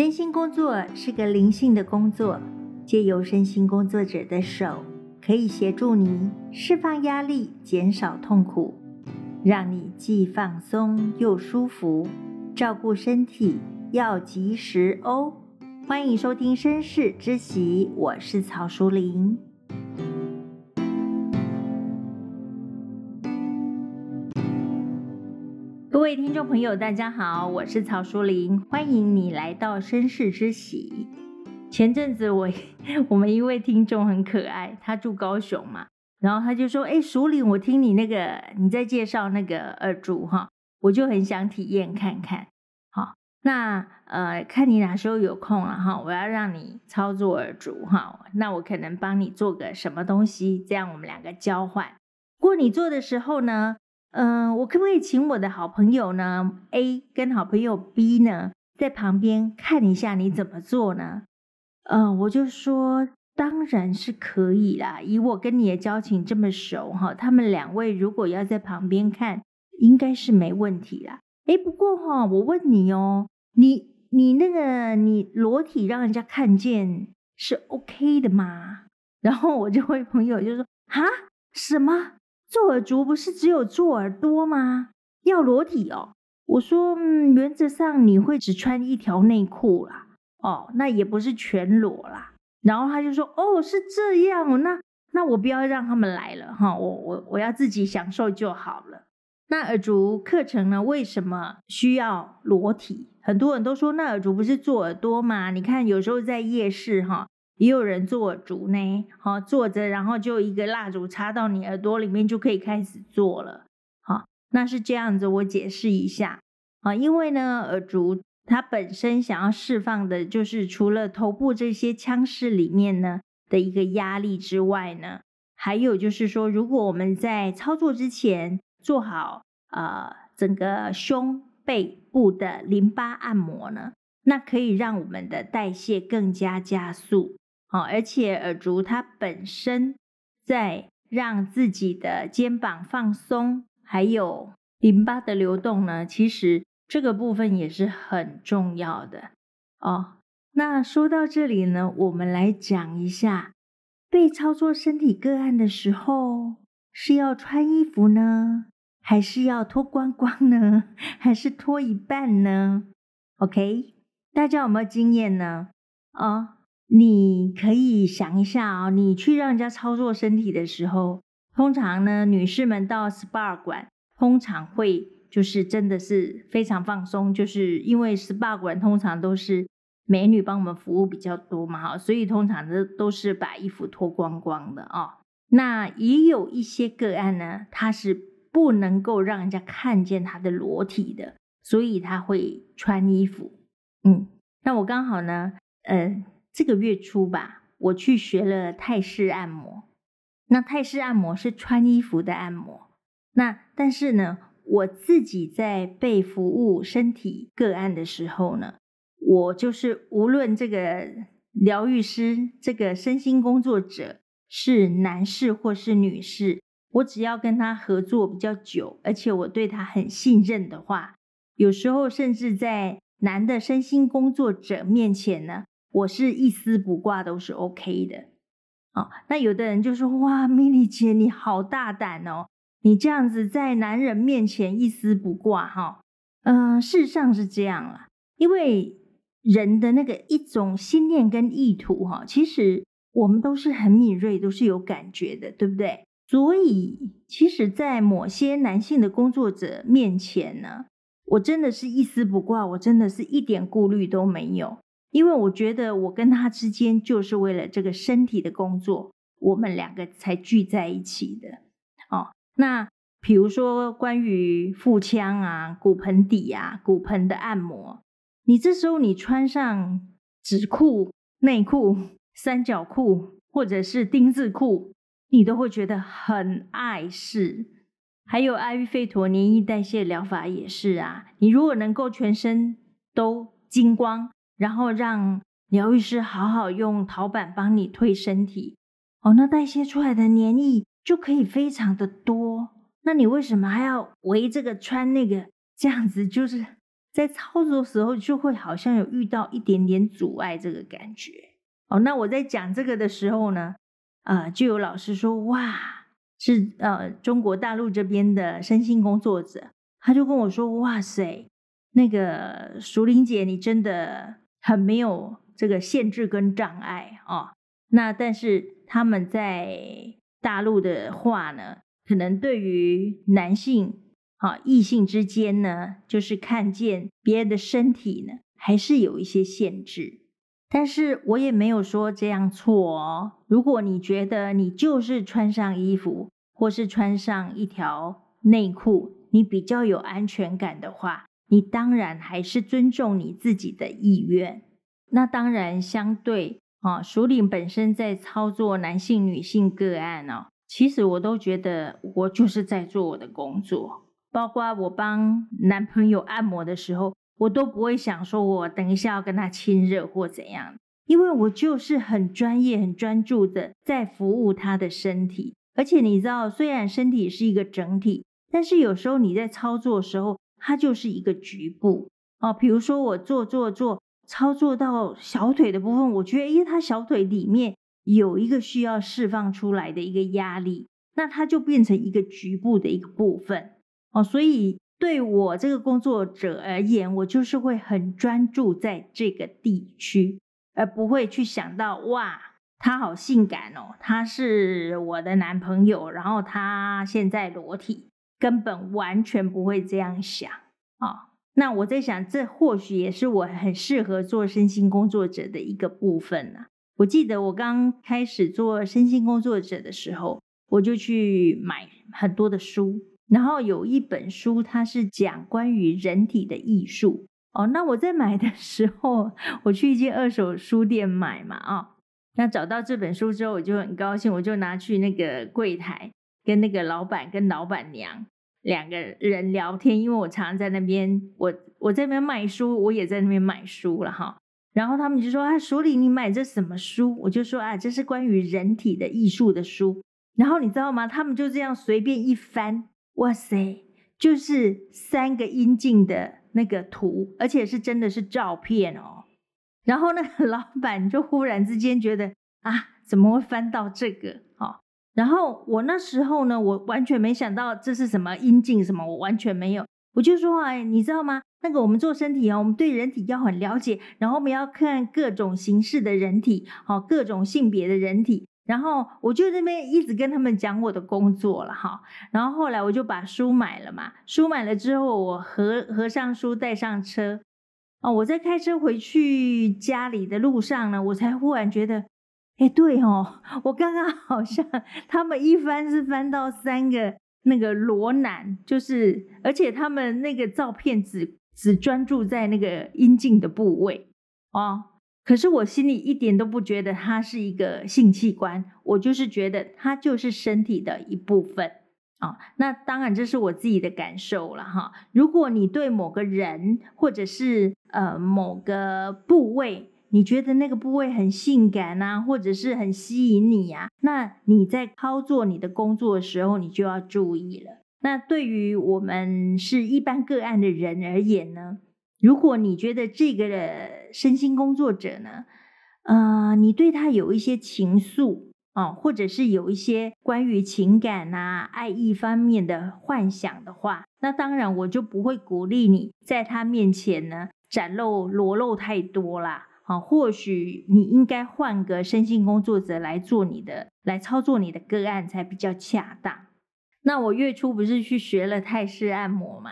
身心工作是個靈性的工作，借由身心工作者的手，可以協助你釋放壓力、減少痛苦，讓你既放鬆又舒服。照顧身體要及時哦。歡迎收聽《身世之喜》，我是曹淑玲。各位聽眾朋友，大家好，我是曹淑玲，歡迎你來到《身世之喜》。前陣子我我們一位聽眾很可愛，他住高雄嘛，然後他就說：“哎，淑玲，我聽你那個你在介紹那個耳燭。哦」哈，我就很想體驗看看。好、哦，那呃看你哪時候有空了哈、哦，我要讓你操作耳燭。哈、哦，那我可能幫你做個什麼東西，這樣我們兩個交換。不過你做的時候呢？”嗯、呃，我可不可以請我的好朋友呢？A 跟好朋友 B 呢，在旁邊看一下你怎麼做呢？呃，我就說當然是可以啦，以我跟你的交情這麼熟哈、哦，他們兩位如果要在旁邊看，應該是沒問題啦。哎，不過哈、哦，我問你哦，你你那個你裸體讓人家看見是 OK 的嗎？然後我這位朋友就說啊，什麼？做耳燭不是只有做耳朵嗎？要裸體哦。我說，嗯，原則上你會只穿一條內褲啦，啊，哦，那也不是全裸啦。然後他就說，哦，是這樣，那那我不要讓他們來了哈，我我我要自己享受就好了。那耳燭課程呢？為什麼需要裸體？很多人都說，那耳燭不是做耳朵嗎？你看，有時候在夜市哈。也有人做耳燭呢，好坐着，然後就一個蠟燭插到你耳朵裡面，就可以開始做了。好，那是這樣子，我解釋一下啊。因為呢，耳燭它本身想要釋放的，就是除了頭部這些腔室裡面呢的一個壓力之外呢，還有就是說，如果我們在操作之前做好呃整個胸背部的淋巴按摩呢，那可以讓我們的代謝更加加速。好、哦，而且耳燭它本身在讓自己的肩膀放鬆，還有淋巴的流動呢。其實這個部分也是很重要的哦。那說到這裡呢，我們來講一下被操作身體個案的時候是要穿衣服呢，還是要脫光光呢，還是脫一半呢？OK，大家有沒有經驗呢？啊、哦？你可以想一下啊、哦，你去讓人家操作身體的時候，通常呢，女士們到 SPA 館通常會就是真的是非常放鬆，就是因為 SPA 館通常都是美女幫我們服務比較多嘛，哈，所以通常這都是把衣服脫光光的啊、哦。那也有一些個案呢，他是不能夠讓人家看見他的裸體的，所以他會穿衣服。嗯，那我剛好呢，嗯、呃。這個月初吧，我去學了泰式按摩。那泰式按摩是穿衣服的按摩。那但是呢，我自己在被服務身體個案的時候呢，我就是無論這個療癒師、這個身心工作者是男士或是女士，我只要跟他合作比較久，而且我對他很信任的話，有時候甚至在男的身心工作者面前呢。我是一絲不掛都是 OK 的啊、哦！那有的人就說：“哇，米莉姐，你好大膽哦！你這樣子在男人面前一絲不掛哈？”嗯、哦呃，事實上是這樣啦、啊，因為人的那個一種心念跟意圖哈、哦，其實我們都是很敏銳，都是有感覺的，對不對？所以，其實，在某些男性的工作者面前呢，我真的是一絲不掛，我真的是一點顧慮都沒有。因為我覺得我跟他之間就是為了這個身體的工作，我們兩個才聚在一起的哦。那比如說，關於腹腔啊、骨盆底啊、骨盆的按摩，你這時候你穿上紙褲、內褲、三角褲或者是丁字褲，你都會覺得很礙事。還有阿育吠陀黏液代謝療法也是啊，你如果能夠全身都精光。然後讓療癒師好好用陶板幫你退身體哦，那代謝出來的黏液就可以非常的多。那你為什麼還要圍這個穿那個？這樣子就是在操作的時候就會好像有遇到一點點阻礙這個感覺哦。那我在講這個的時候呢，啊、呃，就有老師說哇，是呃中國大陸這邊的身心工作者，他就跟我說哇塞，那個淑玲姐，你真的。很沒有這個限制跟障礙哦啊，那但是他們在大陸的話呢，可能對於男性啊異性之間呢，就是看見別人的身體呢，還是有一些限制。但是我也沒有說這樣錯哦。如果你覺得你就是穿上衣服，或是穿上一條內褲，你比較有安全感的話，你當然還是尊重你自己的意願，那當然相對啊，淑玲本身在操作男性、女性個案哦，其實我都覺得我就是在做我的工作，包括我幫男朋友按摩的時候，我都不會想說我等一下要跟他親熱或怎樣，因為我就是很專業、很專注的在服務他的身體。而且你知道，雖然身體是一個整體，但是有時候你在操作的時候。它就是一個局部哦，比如說我做做做操作到小腿的部分，我覺得，哎，他小腿裡面有一個需要釋放出來的一個壓力，那它就變成一個局部的一個部分哦。所以對我這個工作者而言，我就是會很專注在這個地區，而不會去想到哇，他好性感哦，他是我的男朋友，然後他現在裸體。根本完全不會這樣想啊、哦！那我在想，這或許也是我很適合做身心工作者的一個部分呢、啊。我記得我剛開始做身心工作者的時候，我就去買很多的書，然後有一本書它是講關於人體的藝術哦。那我在買的時候，我去一間二手書店買嘛啊、哦。那找到這本書之後，我就很高興，我就拿去那個櫃檯。跟那個老闆跟老闆娘兩個人聊天，因為我常常在那邊，我我在那邊賣書，我也在那邊買書了哈。然後他們就說：“啊，所以你買這什麼書？”我就說：“啊，這是關於人體的藝術的書。”然後你知道嗎？他們就這樣隨便一翻，哇塞，就是三個陰莖的那個圖，而且是真的是照片哦。然後那個老闆就忽然之間覺得啊，怎麼會翻到這個？然後我那時候呢，我完全沒想到這是什麼陰莖什麼，我完全沒有。我就說，哎，你知道嗎？那個我們做身體哦，我們對人體要很了解，然後我們要看各種形式的人體，好，各種性別的人體。然後我就那邊一直跟他們講我的工作了哈。然後後來我就把書買了嘛，書買了之後我和，我合合上書帶上車。哦，我在開車回去家裡的路上呢，我才忽然覺得。誒、欸、對哦，我剛剛好像他們一翻是翻到三個那個裸男，就是，而且他們那個照片只只專注在那個陰莖的部位哦。可是我心裡一點都不覺得它是一個性器官，我就是覺得它就是身體的一部分哦。那當然這是我自己的感受了哈、哦。如果你對某個人或者是呃某個部位，你覺得那個部位很性感啊，或者是很吸引你呀、啊，那你在操作你的工作的時候，你就要注意了。那對於我們是一般個案的人而言呢，如果你覺得這個的身心工作者呢，呃，你對他有一些情愫啊、呃，或者是有一些關於情感吶、啊、愛意方面的幻想的話，那當然我就不會鼓勵你在他面前呢展露裸露太多啦。啊，或許你應該換個身心工作者來做你的，來操作你的個案才比較恰當。那我月初不是去學了泰式按摩嗎？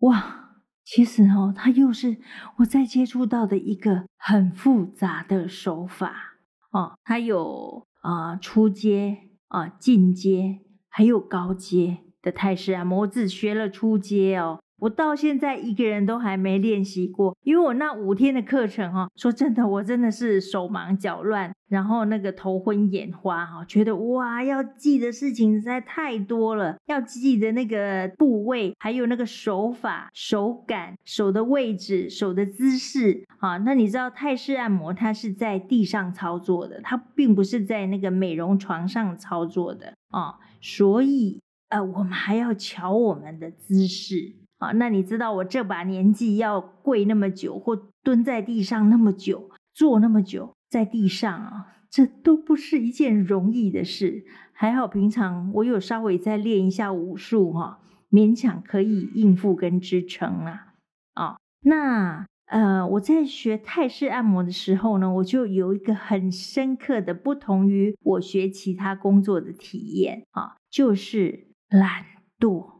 哇，其實哦，它又是我在接觸到的一個很複雜的手法哦，它有啊、呃、初階啊、呃、進階還有高階的泰式按摩，我只學了初階哦。我到現在一個人都還沒練習過，因為我那五天的課程哈、哦，說真的，我真的是手忙腳亂，然後那個頭昏眼花哈、哦，覺得哇，要記的事情實在太多了，要記的那個部位，還有那個手法、手感、手的位置、手的姿勢啊。那你知道泰式按摩它是在地上操作的，它並不是在那個美容床上操作的啊，所以呃，我們還要喬我們的姿勢。啊，那你知道我這把年紀要跪那麼久，或蹲在地上那麼久，坐那麼久在地上啊，這都不是一件容易的事。還好平常我有稍微再練一下武術哈、啊，勉強可以應付跟支撐啊。啊，那呃，我在學泰式按摩的時候呢，我就有一個很深刻的，不同於我學其他工作的體驗啊，就是懶惰。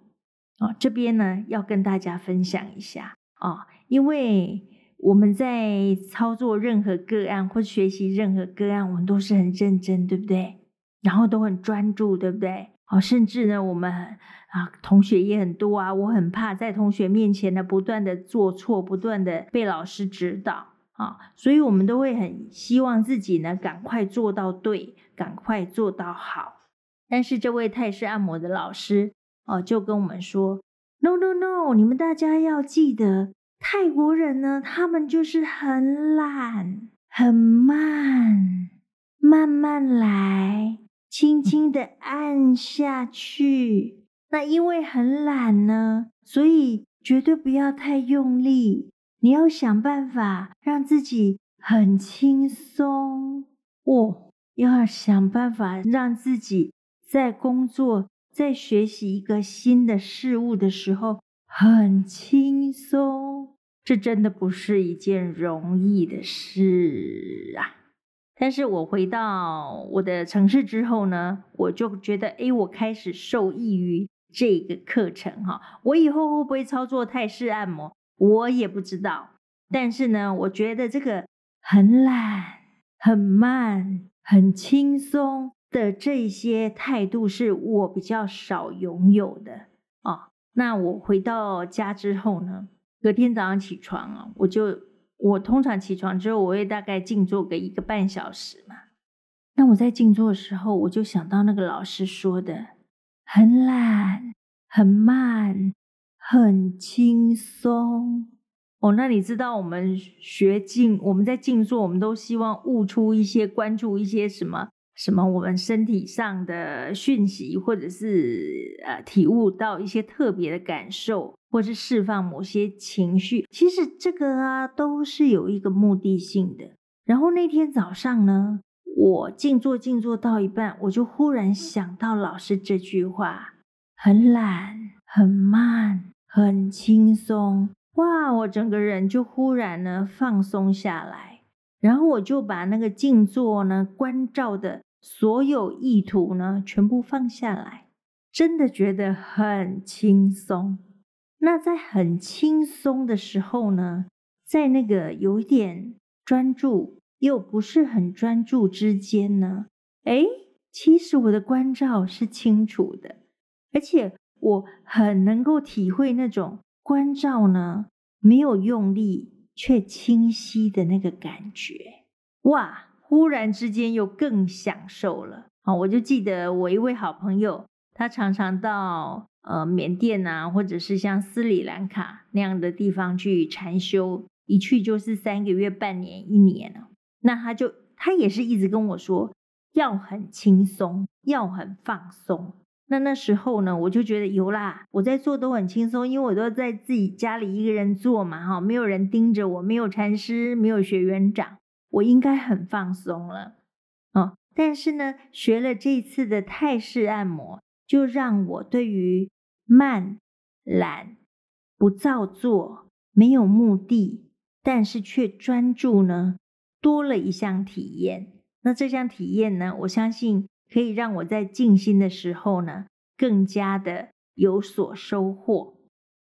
哦，這邊呢，要跟大家分享一下哦，因為我們在操作任何個案或學習任何個案，我們都是很認真，對不對？然後都很專注，對不對？哦，甚至呢，我們啊，同學也很多啊，我很怕在同學面前呢，不斷的做錯，不斷的被老師指導啊，哦，所以我們都會很希望自己呢，趕快做到對，趕快做到好。但是這位泰式按摩的老師。哦，就跟我們說，no no no，你們大家要記得，泰國人呢，他們就是很懶，很慢，慢慢來，輕輕的按下去。那因為很懶呢，所以絕對不要太用力，你要想辦法讓自己很輕鬆，哦，要想辦法讓自己在工作。在學習一個新的事物的時候，很輕鬆。這真的不是一件容易的事啊！但是我回到我的城市之後呢，我就覺得，哎，我開始受益於這個課程哈。我以後會不會操作泰式按摩，我也不知道。但是呢，我覺得這個很懶、很慢、很輕鬆。的這些態度是我比較少擁有的哦，那我回到家之後呢，隔天早上起床啊，我就我通常起床之後，我會大概靜坐個一個半小時嘛。那我在靜坐的時候，我就想到那個老師說的：很懶、很慢、很輕鬆。哦，那你知道我們學靜，我們在靜坐，我們都希望悟出一些、關注一些什麼？什麼？我們身體上的訊息，或者是呃體悟到一些特別的感受，或是釋放某些情緒，其實這個啊都是有一個目的性的。然後那天早上呢，我靜坐靜坐到一半，我就忽然想到老師這句話：很懶、很慢、很輕鬆。哇！我整個人就忽然呢放鬆下來，然後我就把那個靜坐呢關照的。所有意圖呢，全部放下來，真的覺得很輕鬆。那在很輕鬆的時候呢，在那個有點專注又不是很專注之間呢，誒，其實我的關照是清楚的，而且我很能夠體會那種關照呢，沒有用力卻清晰的那個感覺，哇！忽然之間又更享受了啊！我就記得我一位好朋友，他常常到呃緬甸啊，或者是像斯里蘭卡那樣的地方去禪修，一去就是三個月、半年、一年啊。那他就他也是一直跟我說，要很輕鬆，要很放鬆。那那時候呢，我就覺得有啦，我在做都很輕鬆，因為我都在自己家裡一個人做嘛，哈，沒有人盯着我，沒有禪師，沒有學員長。我應該很放鬆了，哦，但是呢，學了這次的泰式按摩，就讓我對於慢、懶、不造作、沒有目的，但是却專注呢，多了一項體驗。那這項體驗呢，我相信可以讓我在靜心的時候呢，更加的有所收穫。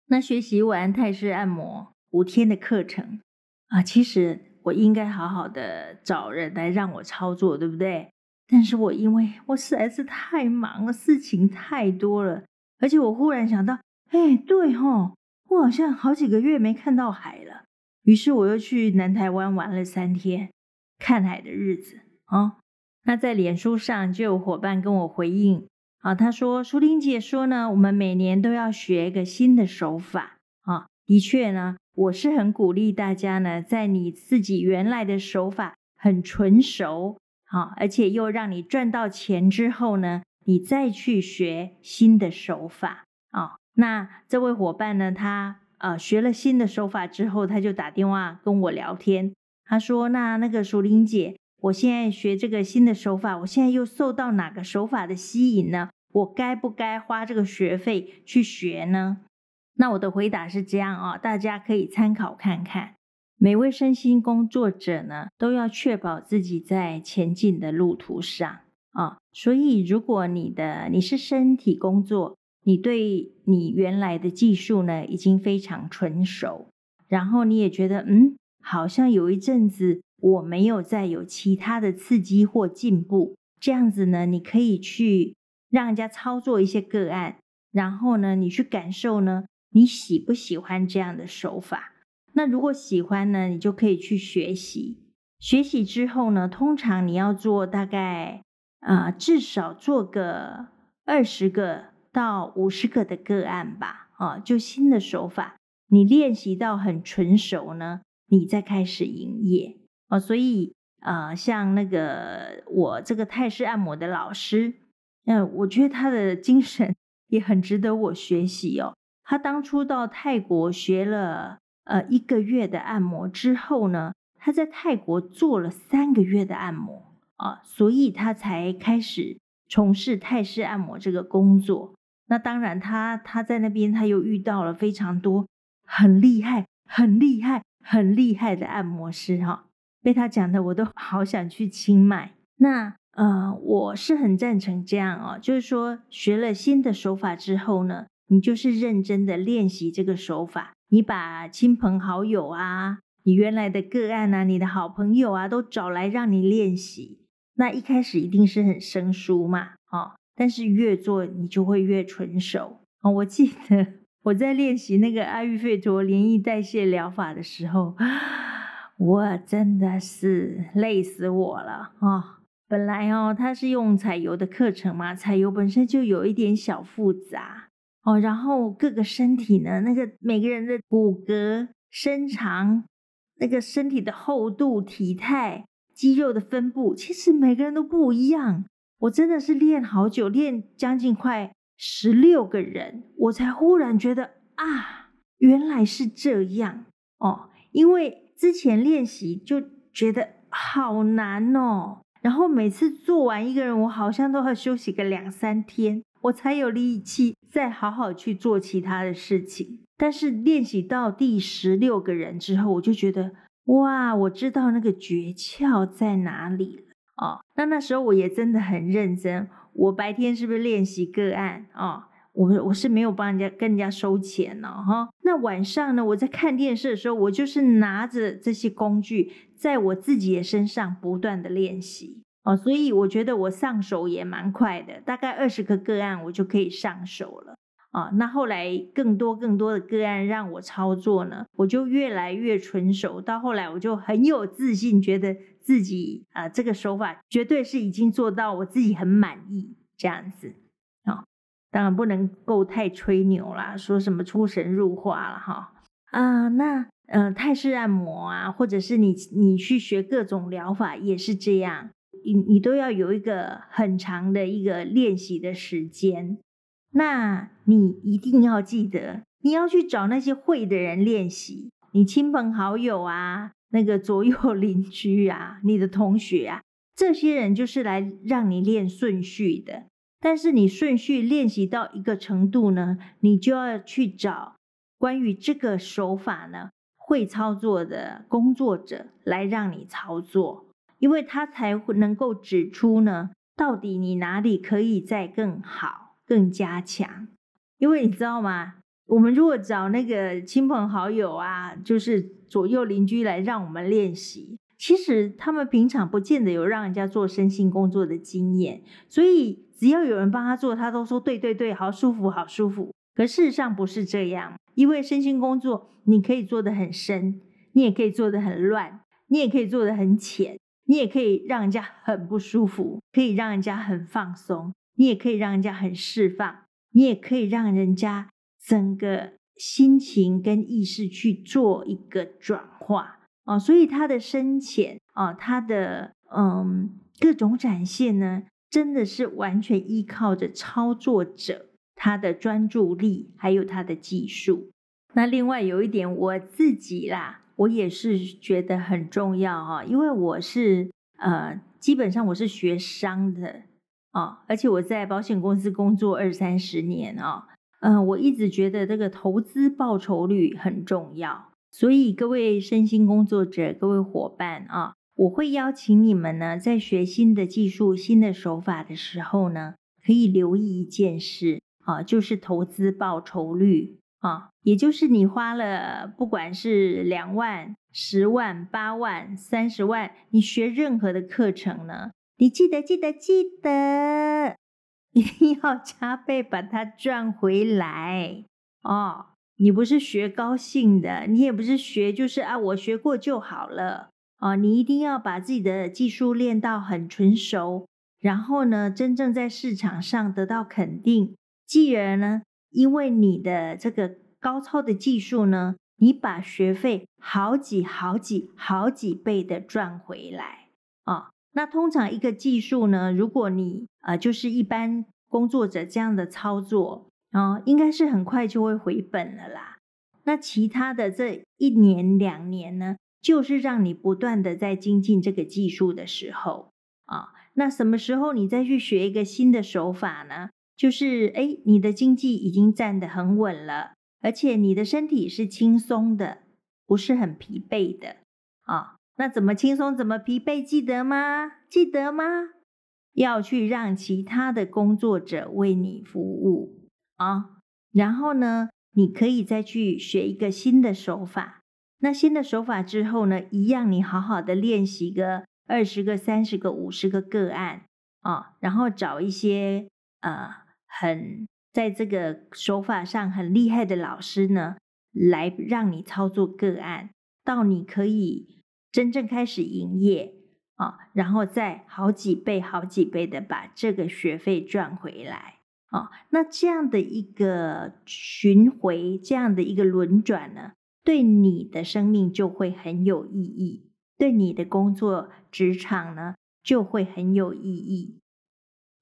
那學習完泰式按摩五天的課程啊，其實。我應該好好的找人來讓我操作，對不對？但是我因為我實在是太忙了，事情太多了，而且我忽然想到，哎，對吼，哦，我好像好幾個月沒看到海了。於是我又去南台灣玩了三天看海的日子啊，哦。那在臉書上就有夥伴跟我回應啊，哦，他說：“淑玲姐說呢，我們每年都要學一個新的手法啊，哦，的確呢。”我是很鼓勵大家呢，在你自己原來的手法很純熟，啊，而且又讓你賺到錢之後呢，你再去學新的手法啊。那這位夥伴呢，他啊、呃、學了新的手法之後，他就打電話跟我聊天，他說：“那那個舒玲姐，我現在學這個新的手法，我現在又受到哪個手法的吸引呢？我該不該花這個學費去學呢？”那我的回答是這樣啊，大家可以參考看看。每位身心工作者呢，都要確保自己在前進的路途上啊。所以，如果你的你是身體工作，你對你原來的技術呢，已經非常純熟，然後你也覺得嗯，好像有一陣子我沒有再有其他的刺激或進步，這樣子呢，你可以去讓人家操作一些個案，然後呢，你去感受呢。你喜不喜歡這樣的手法？那如果喜歡呢，你就可以去學習。學習之後呢，通常你要做大概啊、呃，至少做個二十個到五十個的個案吧。啊、呃，就新的手法，你練習到很純熟呢，你再開始營業。哦、呃，所以呃，像那個我這個泰式按摩的老師，嗯、呃，我覺得他的精神也很值得我學習哦。他當初到泰國學了呃一個月的按摩之後呢，他在泰國做了三個月的按摩啊，所以他才開始從事泰式按摩這個工作。那當然他，他他在那邊他又遇到了非常多很厲害、很厲害、很厲害的按摩師哈、啊。被他講的我都好想去清邁。那呃，我是很贊成這樣哦、啊，就是說學了新的手法之後呢。你就是認真的練習這個手法，你把親朋好友啊，你原來的個案啊，你的好朋友啊，都找來讓你練習。那一開始一定是很生疏嘛，哦，但是越做你就會越純熟。啊，哦，我記得我在練習那個阿育吠陀聯意代謝療法的時候，啊，我真的是累死我了啊，哦，本來哦，它是用彩油的課程嘛，彩油本身就有一點小複雜。哦，然後各個身體呢，那個每個人的骨骼、身長，那個身體的厚度、體態、肌肉的分布，其實每個人都不一樣。我真的是練好久，練將近快十六個人，我才忽然覺得啊，原來是這樣哦。因為之前練習就覺得好難哦，然後每次做完一個人，我好像都要休息個兩三天。我才有力氣再好好去做其他的事情。但是練習到第十六個人之後，我就覺得哇，我知道那個訣竅在哪裡了哦。那那時候我也真的很認真。我白天是不是練習個案啊、哦？我我是沒有幫人家跟人家收錢呢、哦、哈。那晚上呢？我在看電視的時候，我就是拿着這些工具，在我自己的身上不斷的練習。哦，所以我覺得我上手也蠻快的，大概二十個個案我就可以上手了啊、哦。那後來更多更多的個案讓我操作呢，我就越來越純熟。到後來我就很有自信，覺得自己啊、呃、這個手法絕對是已經做到我自己很滿意這樣子啊、哦。當然不能夠太吹牛啦，說什麼出神入化了哈啊。那嗯、呃，泰式按摩啊，或者是你你去學各種療法也是這樣。你你都要有一個很長的一個練習的時間，那你一定要記得，你要去找那些會的人練習。你親朋好友啊，那個左右鄰居啊，你的同學啊，這些人就是來讓你練順序的。但是你順序練習到一個程度呢，你就要去找關於這個手法呢，會操作的工作者來讓你操作。因為他才能夠指出呢，到底你哪裡可以再更好、更加強。因為你知道嗎？我們如果找那個親朋好友啊，就是左右鄰居來讓我們練習，其實他們平常不見得有讓人家做身心工作的經驗，所以只要有人幫他做，他都說對對對，好舒服，好舒服。可事實上不是這樣，因為身心工作你可以做得很深，你也可以做得很亂，你也可以做得很淺。你也可以讓人家很不舒服，可以讓人家很放鬆，你也可以讓人家很釋放，你也可以讓人家整個心情跟意識去做一個轉化啊。哦，所以他的深淺啊，哦，他的嗯各種展現呢，真的是完全依靠着操作者他的專注力，還有他的技術。那另外有一點，我自己啦。我也是覺得很重要哈、啊，因為我是呃，基本上我是學商的啊，而且我在保險公司工作二三十年啊，嗯、啊，我一直覺得這個投資報酬率很重要，所以各位身心工作者、各位夥伴啊，我會邀請你們呢，在學新的技術、新的手法的時候呢，可以留意一件事啊，就是投資報酬率。啊、哦，也就是你花了，不管是兩萬、十萬、八萬、三十萬，你學任何的課程呢，你記得、記得、記得，一定要加倍把它賺回來哦。你不是學高興的，你也不是學就是啊，我學過就好了啊、哦。你一定要把自己的技術練到很純熟，然後呢，真正在市場上得到肯定。既然呢，因為你的這個高超的技術呢，你把學費好幾好幾好幾倍的賺回來啊、哦！那通常一個技術呢，如果你呃就是一般工作者這樣的操作啊、哦，應該是很快就會回本了啦。那其他的這一年兩年呢，就是讓你不斷的在精進這個技術的時候啊、哦，那什麼時候你再去學一個新的手法呢？就是哎，你的經濟已經站得很穩了，而且你的身體是輕鬆的，不是很疲憊的啊。那怎麼輕鬆，怎麼疲憊，記得嗎？記得嗎？要去讓其他的工作者為你服務啊。然後呢，你可以再去學一個新的手法。那新的手法之後呢，一樣你好好的練習個二十個、三十個、五十個個案啊，然後找一些呃。很在這個手法上很厲害的老師呢，來讓你操作個案，到你可以真正開始營業啊、哦，然後再好幾倍、好幾倍的把這個學費賺回來啊、哦。那這樣的一個巡迴，這樣的一個輪轉呢，對你的生命就會很有意義，對你的工作職場呢就會很有意義。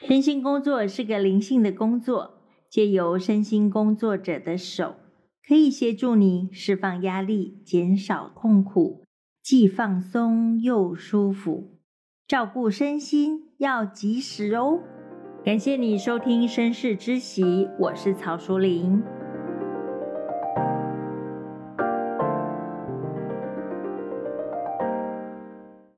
身心工作是個靈性的工作，借由身心工作者的手，可以協助你釋放壓力、減少痛苦，既放鬆又舒服。照顧身心要及時哦。感謝你收聽《身世之喜》，我是曹淑玲。